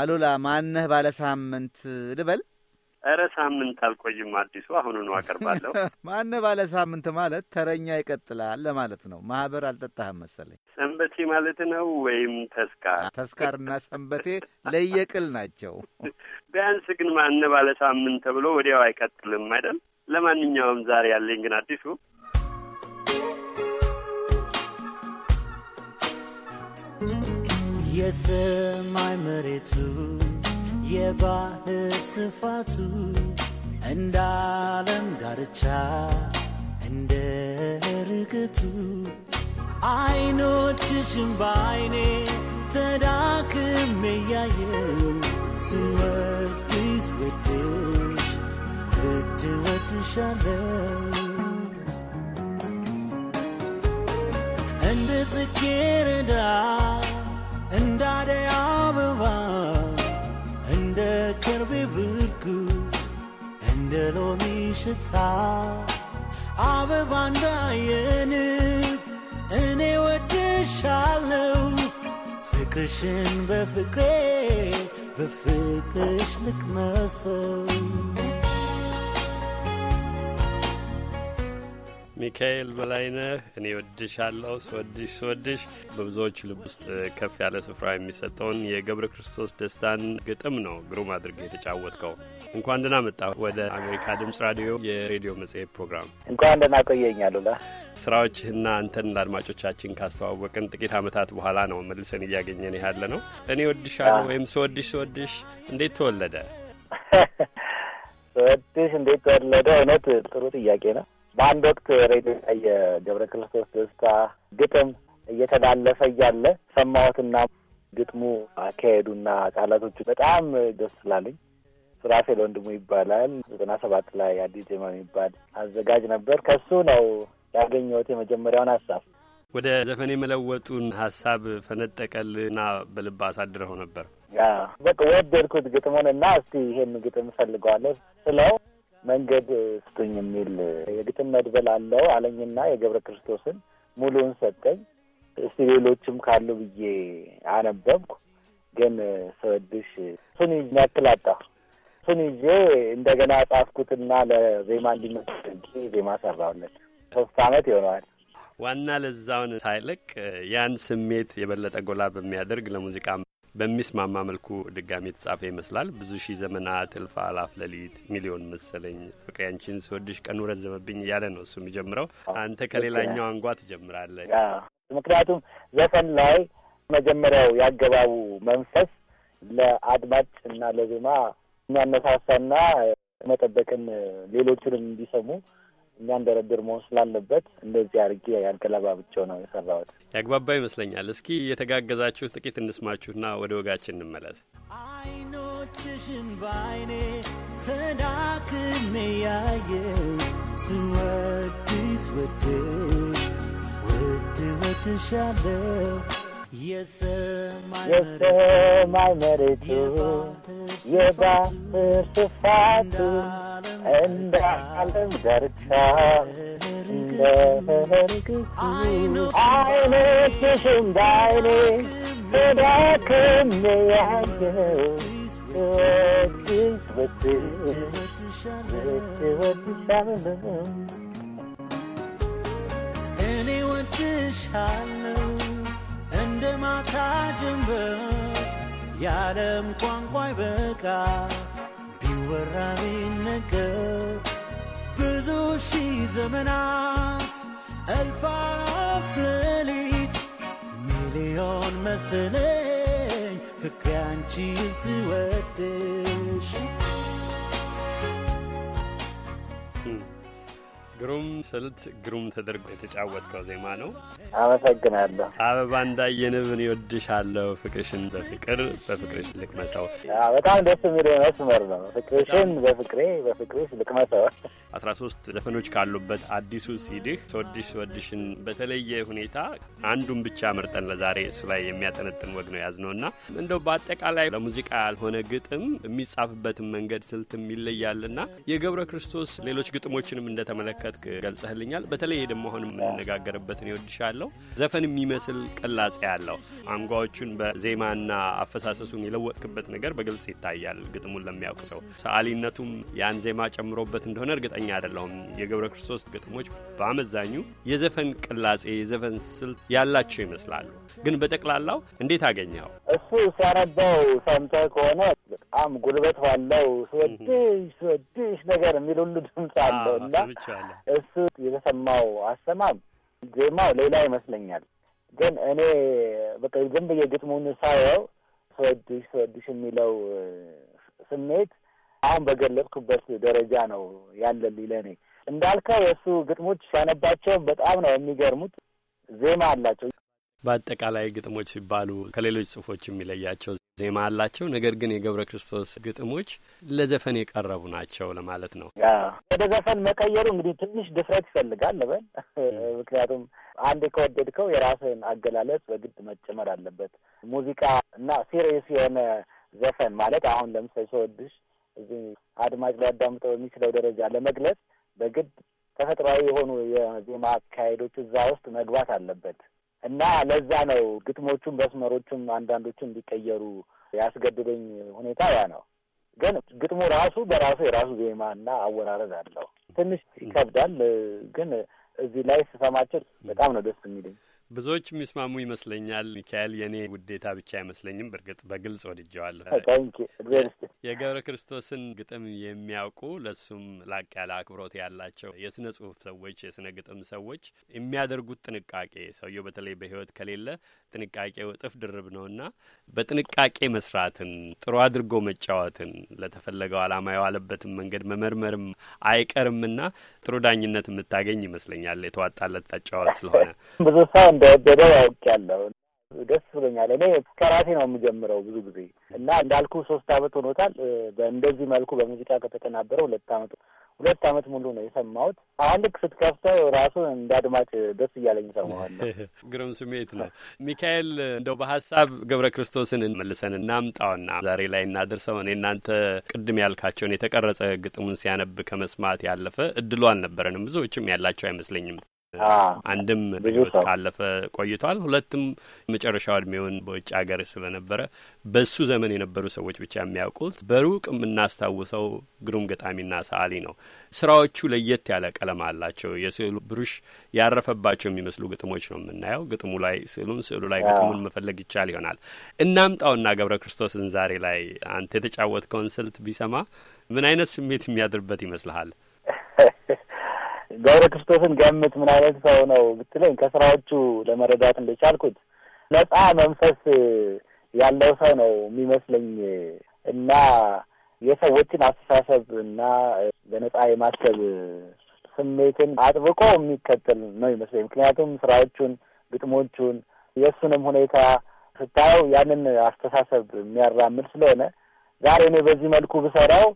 አሉላ ማነህ ባለ ሳምንት ልበል? እረ ሳምንት አልቆይም፣ አዲሱ ነው አቀርባለሁ። ማነህ ባለ ሳምንት ማለት ተረኛ ይቀጥላል ለማለት ነው። ማህበር አልጠጣህም መሰለኝ። ሰንበቴ ማለት ነው ወይም ተስካር። ተስካርና ሰንበቴ ለየቅል ናቸው። ቢያንስ ግን ማነህ ባለ ሳምንት ተብሎ ወዲያው አይቀጥልም አይደል? ለማንኛውም ዛሬ ያለኝ ግን አዲሱ Thank you. የሰማይ መሬቱ የባህር ስፋቱ እንደ ዓለም ዳርቻ እንደ ርግቱ አይኖችሽም በአይኔ ተዳክሜ ያየው ስወድሽ ወድሽ ውድ ወድሻለው እንደ ጽጌረዳ እንደ አበባ እንደ ከርቤ ብርኩ እንደ ሎሚ ሽታ አበባ እንዳየን እኔ ወድሻለው ፍቅርሽን በፍቅሬ በፍቅርሽ ልቅመሰው ሚካኤል በላይነህ እኔ ወድሻለሁ ስወድሽ ስወድሽ በብዙዎች ልብ ውስጥ ከፍ ያለ ስፍራ የሚሰጠውን የገብረ ክርስቶስ ደስታን ግጥም ነው ግሩም አድርገህ የተጫወትከው። እንኳን ደህና መጣ ወደ አሜሪካ ድምጽ ራዲዮ የሬዲዮ መጽሔት ፕሮግራም። እንኳን ደህና ቆየኝ አሉላ። ስራዎችህና አንተን ለአድማጮቻችን ካስተዋወቅን ጥቂት ዓመታት በኋላ ነው መልሰን እያገኘን ያለ ነው። እኔ ወድሻለሁ ወይም ስወድሽ ስወድሽ እንዴት ተወለደ? ስወድሽ እንዴት ተወለደ? እውነት ጥሩ ጥያቄ ነው። በአንድ ወቅት ሬዲዮ ላይ የገብረ ክርስቶስ ደስታ ግጥም እየተላለፈ እያለ ሰማሁትና ግጥሙ አካሄዱና ቃላቶቹ በጣም ደስ ስላለኝ ሱራፌል ወንድሙ ይባላል። ዘጠና ሰባት ላይ አዲስ ዜማ የሚባል አዘጋጅ ነበር። ከሱ ነው ያገኘሁት የመጀመሪያውን ሀሳብ። ወደ ዘፈን የመለወጡን ሀሳብ ፈነጠቀልና በልብ አሳድረው ነበር። በቃ ወደድኩት ግጥሙን እና እስቲ ይሄን ግጥም እፈልገዋለሁ ስለው መንገድ ስጡኝ የሚል የግጥም መድበል አለው አለኝና የገብረ ክርስቶስን ሙሉውን ሰጠኝ። እስቲ ሌሎችም ካሉ ብዬ አነበብኩ። ግን ስወድሽ እሱን ይዤ ያክላጣ እሱን ይዤ እንደገና ጻፍኩትና ለዜማ እንዲመስል ዜማ ሰራሁለት። ሶስት አመት ይሆነዋል። ዋና ለዛውን ሳይለቅ ያን ስሜት የበለጠ ጎላ በሚያደርግ ለሙዚቃ በሚስማማ መልኩ ድጋሚ የተጻፈ ይመስላል። ብዙ ሺህ ዘመናት እልፍ አላፍ ሌሊት ሚሊዮን መሰለኝ ፍቅሬ አንቺን ስወድሽ ቀኑ ረዘመብኝ እያለ ነው እሱ የሚጀምረው። አንተ ከሌላኛው አንጓ ትጀምራለህ። ምክንያቱም ዘፈን ላይ መጀመሪያው ያገባቡ መንፈስ ለአድማጭ እና ለዜማ የሚያነሳሳና መጠበቅን ሌሎቹንም እንዲሰሙ የሚያንደረድር መሆን ስላለበት እንደዚህ አድርጌ ያገለባብቸው ነው የሰራሁት። ያግባባ ይመስለኛል። እስኪ የተጋገዛችሁ ጥቂት እንስማችሁና ወደ ወጋችን እንመለስ። አይኖችሽን በአይኔ ተዳክሜ ያየው ስወድስ ወድ ወድ ወድሻለው የሰማይ መሬቱ የባህር ስፋቱ എന്താലും ദർശാണ്ടായനെ እኔወድሻለሁ እንደ ማታ ጀንበር ያለም ቋንቋ ይበቃ ወራቤ ነገር ብዙ ሺህ ዘመናት እልፋፍ ሌሊት ሚሊዮን መሰለኝ ፍቅሬ አንቺን ስወድሽ ግሩም ስልት ግሩም ተደርጎ የተጫወትከው ዜማ ነው። አመሰግናለሁ። አበባ እንዳየንብን ይወድሻለሁ ፍቅርሽን በፍቅር በፍቅርሽ ልቅመሰው። በጣም ደስ የሚል መስመር ነው። ፍቅርሽን በፍቅሬ በፍቅርሽ ልቅመሰው አስራ ሶስት ዘፈኖች ካሉበት አዲሱ ሲዲህ ስወድሽ ስወድሽን በተለየ ሁኔታ አንዱን ብቻ መርጠን ለዛሬ እሱ ላይ የሚያጠነጥን ወግ ነው ያዝነው እና እንደው በአጠቃላይ ለሙዚቃ ያልሆነ ግጥም የሚጻፍበትን መንገድ ስልትም ይለያልና የገብረ ክርስቶስ ሌሎች ግጥሞችንም እንደተመለከ እንደተመለከትክ ገልጸህልኛል። በተለይ ደግሞ አሁን የምንነጋገርበትን ይወድሻለሁ ዘፈን የሚመስል ቅላጼ ያለው አንጓዎቹን በዜማና አፈሳሰሱን የለወጥክበት ነገር በግልጽ ይታያል። ግጥሙን ለሚያውቅ ሰው ሰዓሊነቱም ያን ዜማ ጨምሮበት እንደሆነ እርግጠኛ አይደለሁም። የገብረ ክርስቶስ ግጥሞች በአመዛኙ የዘፈን ቅላጼ የዘፈን ስልት ያላቸው ይመስላሉ። ግን በጠቅላላው እንዴት አገኘኸው? እሱ ሲያነባው ሰምተህ ከሆነ በጣም ጉልበት ባለው ስወድሽ ስወድሽ ነገር የሚል ሁሉ ድምፅ አለው እና እሱ የተሰማው አሰማም ዜማው ሌላ ይመስለኛል። ግን እኔ በቃ ዝም ብዬ ግጥሙን ሳየው ስወድሽ ስወድሽ የሚለው ስሜት አሁን በገለጽኩበት ደረጃ ነው ያለልኝ። ለእኔ እንዳልከው የእሱ ግጥሞች ሳነባቸው በጣም ነው የሚገርሙት ዜማ አላቸው። በአጠቃላይ ግጥሞች ሲባሉ ከሌሎች ጽሁፎች የሚለያቸው ዜማ አላቸው። ነገር ግን የገብረ ክርስቶስ ግጥሞች ለዘፈን የቀረቡ ናቸው ለማለት ነው። ወደ ዘፈን መቀየሩ እንግዲህ ትንሽ ድፍረት ይፈልጋል ልበል። ምክንያቱም አንድ ከወደድከው የራስን አገላለጽ በግድ መጨመር አለበት። ሙዚቃ እና ሲሪየስ የሆነ ዘፈን ማለት አሁን ለምሳሌ ሰወድሽ እዚህ አድማጭ ሊያዳምጠው የሚችለው ደረጃ ለመግለጽ በግድ ተፈጥሯዊ የሆኑ የዜማ አካሄዶች እዛ ውስጥ መግባት አለበት። እና ለዛ ነው ግጥሞቹም መስመሮቹም አንዳንዶቹ እንዲቀየሩ ያስገድደኝ ሁኔታ ያ ነው። ግን ግጥሙ ራሱ በራሱ የራሱ ዜማ እና አወራረድ አለው። ትንሽ ይከብዳል፣ ግን እዚህ ላይ ስሰማቸው በጣም ነው ደስ የሚልኝ። ብዙዎች የሚስማሙ ይመስለኛል። ሚካኤል የእኔ ውዴታ ብቻ አይመስለኝም። በእርግጥ በግልጽ ወድጀዋለሁ። የገብረ ክርስቶስን ግጥም የሚያውቁ ለሱም ላቅ ያለ አክብሮት ያላቸው የስነ ጽሁፍ ሰዎች፣ የስነ ግጥም ሰዎች የሚያደርጉት ጥንቃቄ ሰውየው በተለይ በህይወት ከሌለ ጥንቃቄው እጥፍ ድርብ ነውና በጥንቃቄ መስራትን ጥሩ አድርጎ መጫወትን ለተፈለገው አላማ የዋለበትን መንገድ መመርመርም አይቀርምና ጥሩ ዳኝነት የምታገኝ ይመስለኛል የተዋጣለት ተጫዋት ስለሆነ ብዙ ሰው እንደወደደ ያውቄያለሁ። ደስ ብሎኛል። እኔ ከራሴ ነው የምጀምረው ብዙ ጊዜ እና እንዳልኩ ሶስት አመት ሆኖታል። በእንደዚህ መልኩ በሙዚቃ ከተቀናበረ ሁለት አመት ሁለት አመት ሙሉ ነው የሰማሁት። አሁን ልክ ስትከፍተው ራሱ እንደ አድማጭ ደስ እያለኝ ሰማዋለሁ። ግሩም ስሜት ነው። ሚካኤል እንደው በሀሳብ ገብረ ክርስቶስን እንመልሰን እናምጣውና ዛሬ ላይ እናድርሰው። እኔ እናንተ ቅድም ያልካቸውን የተቀረጸ ግጥሙን ሲያነብ ከመስማት ያለፈ እድሉ አልነበረንም፣ ብዙዎችም ያላቸው አይመስለኝም። አንድም ካለፈ ቆይቷል፣ ሁለትም መጨረሻው እድሜውን በውጭ ሀገር ስለነበረ በሱ ዘመን የነበሩ ሰዎች ብቻ የሚያውቁት በሩቅ የምናስታውሰው ግሩም ገጣሚና ሰዓሊ ነው። ስራዎቹ ለየት ያለ ቀለም አላቸው። የስዕሉ ብሩሽ ያረፈባቸው የሚመስሉ ግጥሞች ነው የምናየው። ግጥሙ ላይ ስዕሉን፣ ስዕሉ ላይ ግጥሙን መፈለግ ይቻል ይሆናል። እናምጣውና ገብረ ክርስቶስን ዛሬ ላይ አንተ የተጫወትከውን ስልት ቢሰማ ምን አይነት ስሜት የሚያድርበት ይመስልሃል? ገብረ ክርስቶስን ገምት ምን አይነት ሰው ነው ብትለኝ ከስራዎቹ ለመረዳት እንደቻልኩት ነጻ መንፈስ ያለው ሰው ነው የሚመስለኝ እና የሰዎችን አስተሳሰብ እና በነጻ የማሰብ ስሜትን አጥብቆ የሚከተል ነው ይመስለኝ። ምክንያቱም ስራዎቹን፣ ግጥሞቹን የእሱንም ሁኔታ ስታየው ያንን አስተሳሰብ የሚያራምድ ስለሆነ ዛሬ እኔ በዚህ መልኩ ብሰራው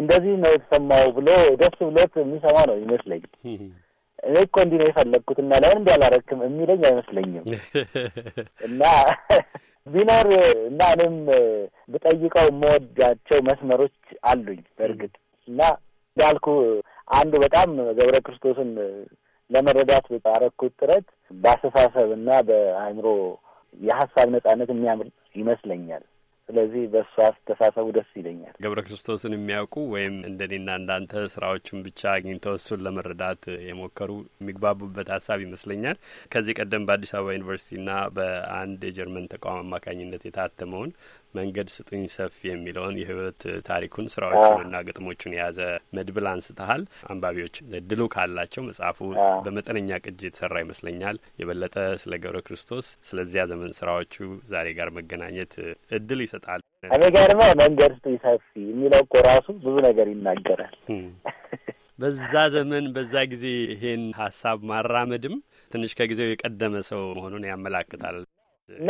እንደዚህ ነው የተሰማው ብሎ ደስ ብሎት የሚሰማ ነው ይመስለኝ። እኔ እኮ እንዲህ ነው የፈለግኩትና ለምን እንዲህ አላረክም የሚለኝ አይመስለኝም። እና ቢኖር እና እኔም ብጠይቀው መወዳቸው መስመሮች አሉኝ በእርግጥ እና እንዳልኩ አንዱ በጣም ገብረ ክርስቶስን ለመረዳት ባረኩት ጥረት በአስተሳሰብ እና በአእምሮ የሀሳብ ነጻነት የሚያምር ይመስለኛል። ስለዚህ በእሱ አስተሳሰቡ ደስ ይለኛል። ገብረ ክርስቶስን የሚያውቁ ወይም እንደኔና እንዳንተ ስራዎችን ብቻ አግኝተው እሱን ለመረዳት የሞከሩ የሚግባቡበት ሀሳብ ይመስለኛል። ከዚህ ቀደም በአዲስ አበባ ዩኒቨርሲቲና በአንድ የጀርመን ተቋም አማካኝነት የታተመውን መንገድ ስጡኝ ሰፊ የሚለውን የህይወት ታሪኩን ስራዎቹንና ግጥሞቹን የያዘ መድብል አንስተሃል። አንባቢዎች እድሉ ካላቸው መጽሐፉ በመጠነኛ ቅጅ የተሰራ ይመስለኛል። የበለጠ ስለ ገብረ ክርስቶስ ስለዚያ ዘመን ስራዎቹ ዛሬ ጋር መገናኘት እድል ይሰጣል። እኔ ጋርማ መንገድ ስጡኝ ሰፊ የሚለው እኮ ራሱ ብዙ ነገር ይናገራል። በዛ ዘመን በዛ ጊዜ ይሄን ሀሳብ ማራመድም ትንሽ ከጊዜው የቀደመ ሰው መሆኑን ያመላክታል።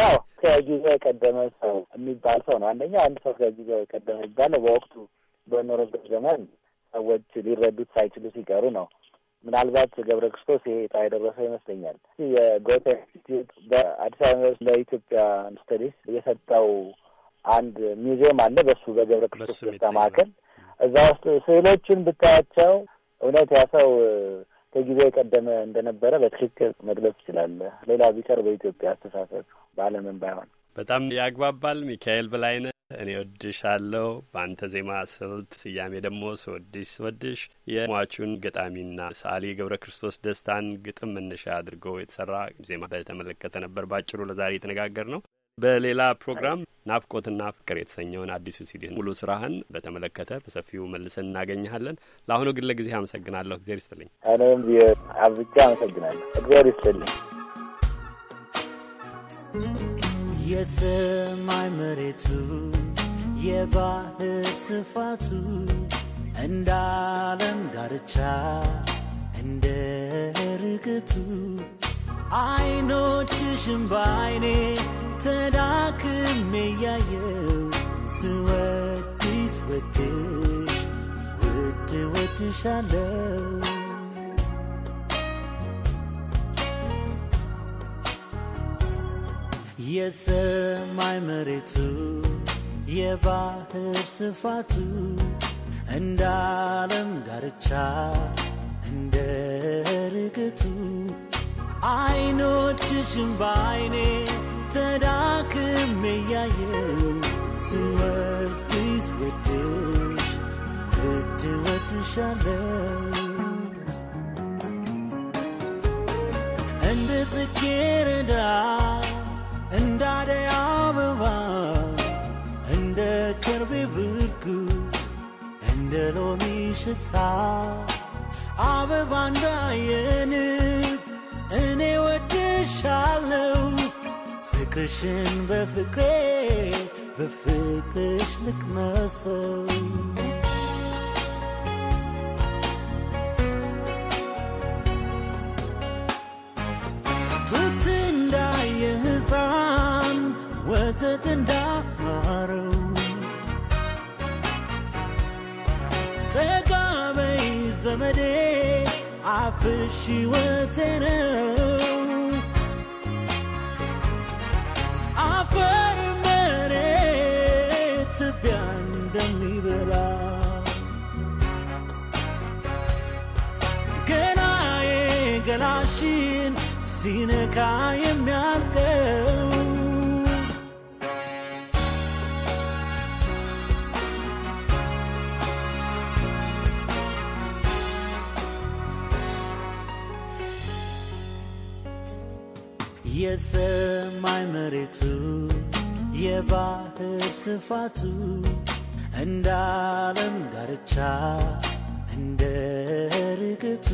ነው። ከጊዜው የቀደመ ሰው የሚባል ሰው ነው። አንደኛ አንድ ሰው ከጊዜው የቀደመ የሚባለው በወቅቱ በኖረበት ዘመን ሰዎች ሊረዱት ሳይችሉ ሲቀሩ ነው። ምናልባት ገብረ ክርስቶስ ይሄ ጣ የደረሰው ይመስለኛል። የጎተ ኢንስቲትዩት በአዲስ አበባ ዩኒቨርስቲ ለኢትዮጵያ ስተዲስ የሰጠው አንድ ሚውዚየም አለ። በሱ በገብረ ክርስቶስ ደስታ ማዕከል እዛ ውስጥ ስዕሎችን ብታያቸው እውነት ያ ሰው ከጊዜው የቀደመ እንደነበረ በትክክል መግለጽ ይችላል። ሌላ ቢቀር በኢትዮጵያ አስተሳሰብ በዓለምም ባይሆን በጣም ያግባባል። ሚካኤል በላይነህ እኔ ወድሻለሁ በአንተ ዜማ ስልት ስያሜ ደግሞ ስወድሽ ስወድሽ የሟቹን ገጣሚና ሰዓሊ ገብረ ክርስቶስ ደስታን ግጥም መነሻ አድርጎ የተሰራ ዜማ በተመለከተ ነበር ባጭሩ ለዛሬ የተነጋገር ነው። በሌላ ፕሮግራም ናፍቆትና ፍቅር የተሰኘውን አዲሱ ሲዲ ሙሉ ስራህን በተመለከተ በሰፊው መልሰን እናገኘሃለን። ለአሁኑ ግን ለጊዜ አመሰግናለሁ። እግዚአብሔር ይስጥልኝ። እኔም አብዝቼ አመሰግናለሁ። እግዚአብሔር ይስጥልኝ። የሰማይ መሬቱ የባህር ስፋቱ እንዳለም ዳርቻ እንደ ርግቱ አይኖችሽም ባይኔ ተዳክሜ ያየው ስወድሽ ወድሽ ውድ ወድሻለው የሰማይ መሬቱ የባህር ስፋቱ እንደ ዓለም ዳርቻ እንደ ርግቱ አይኖችሽም ባይኔ ተዳክም እያየው ስወድስ ወድሽ እድ ወድሻለው እንደ ጽጌረዳ እንደ አበባ እንደ ከርቤ ብጉ እንደ ሎሚ ሽታ አበባ እንዳየንሽ shalom Fikr shin ve fikre ve fikrishlik nasıl Tutinda yezan ve tutinda maru Tegabe zemede afishi ve tenem ገላሽን ሲነካ የሚያልቀው የሰማይ መሬቱ የባህር ስፋቱ እንደ ዳርቻ እንደ ርግቱ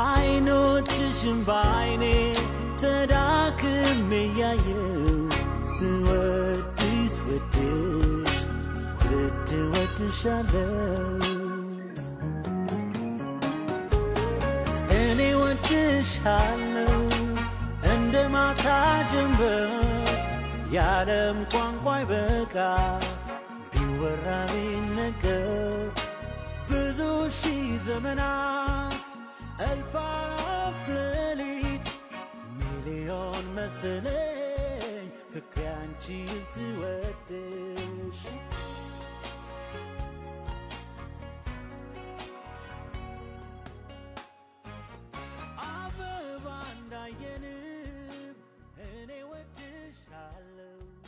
አይኖችሽን በአይኔ ተዳክም እያየው ስወድስ ወድሽ ውድ ወድሻለው እኔ ወድሻለው እንደ ማታ ጀንበር የዓለም ቋንቋ ይበቃ ቢወራ ቢነገር ብዙ ሺህ ዘመናት እልፍ አእላፍ ሌሊት ሚሊዮን መስለኝ ፍቅሬ አንቺን ስወድሽ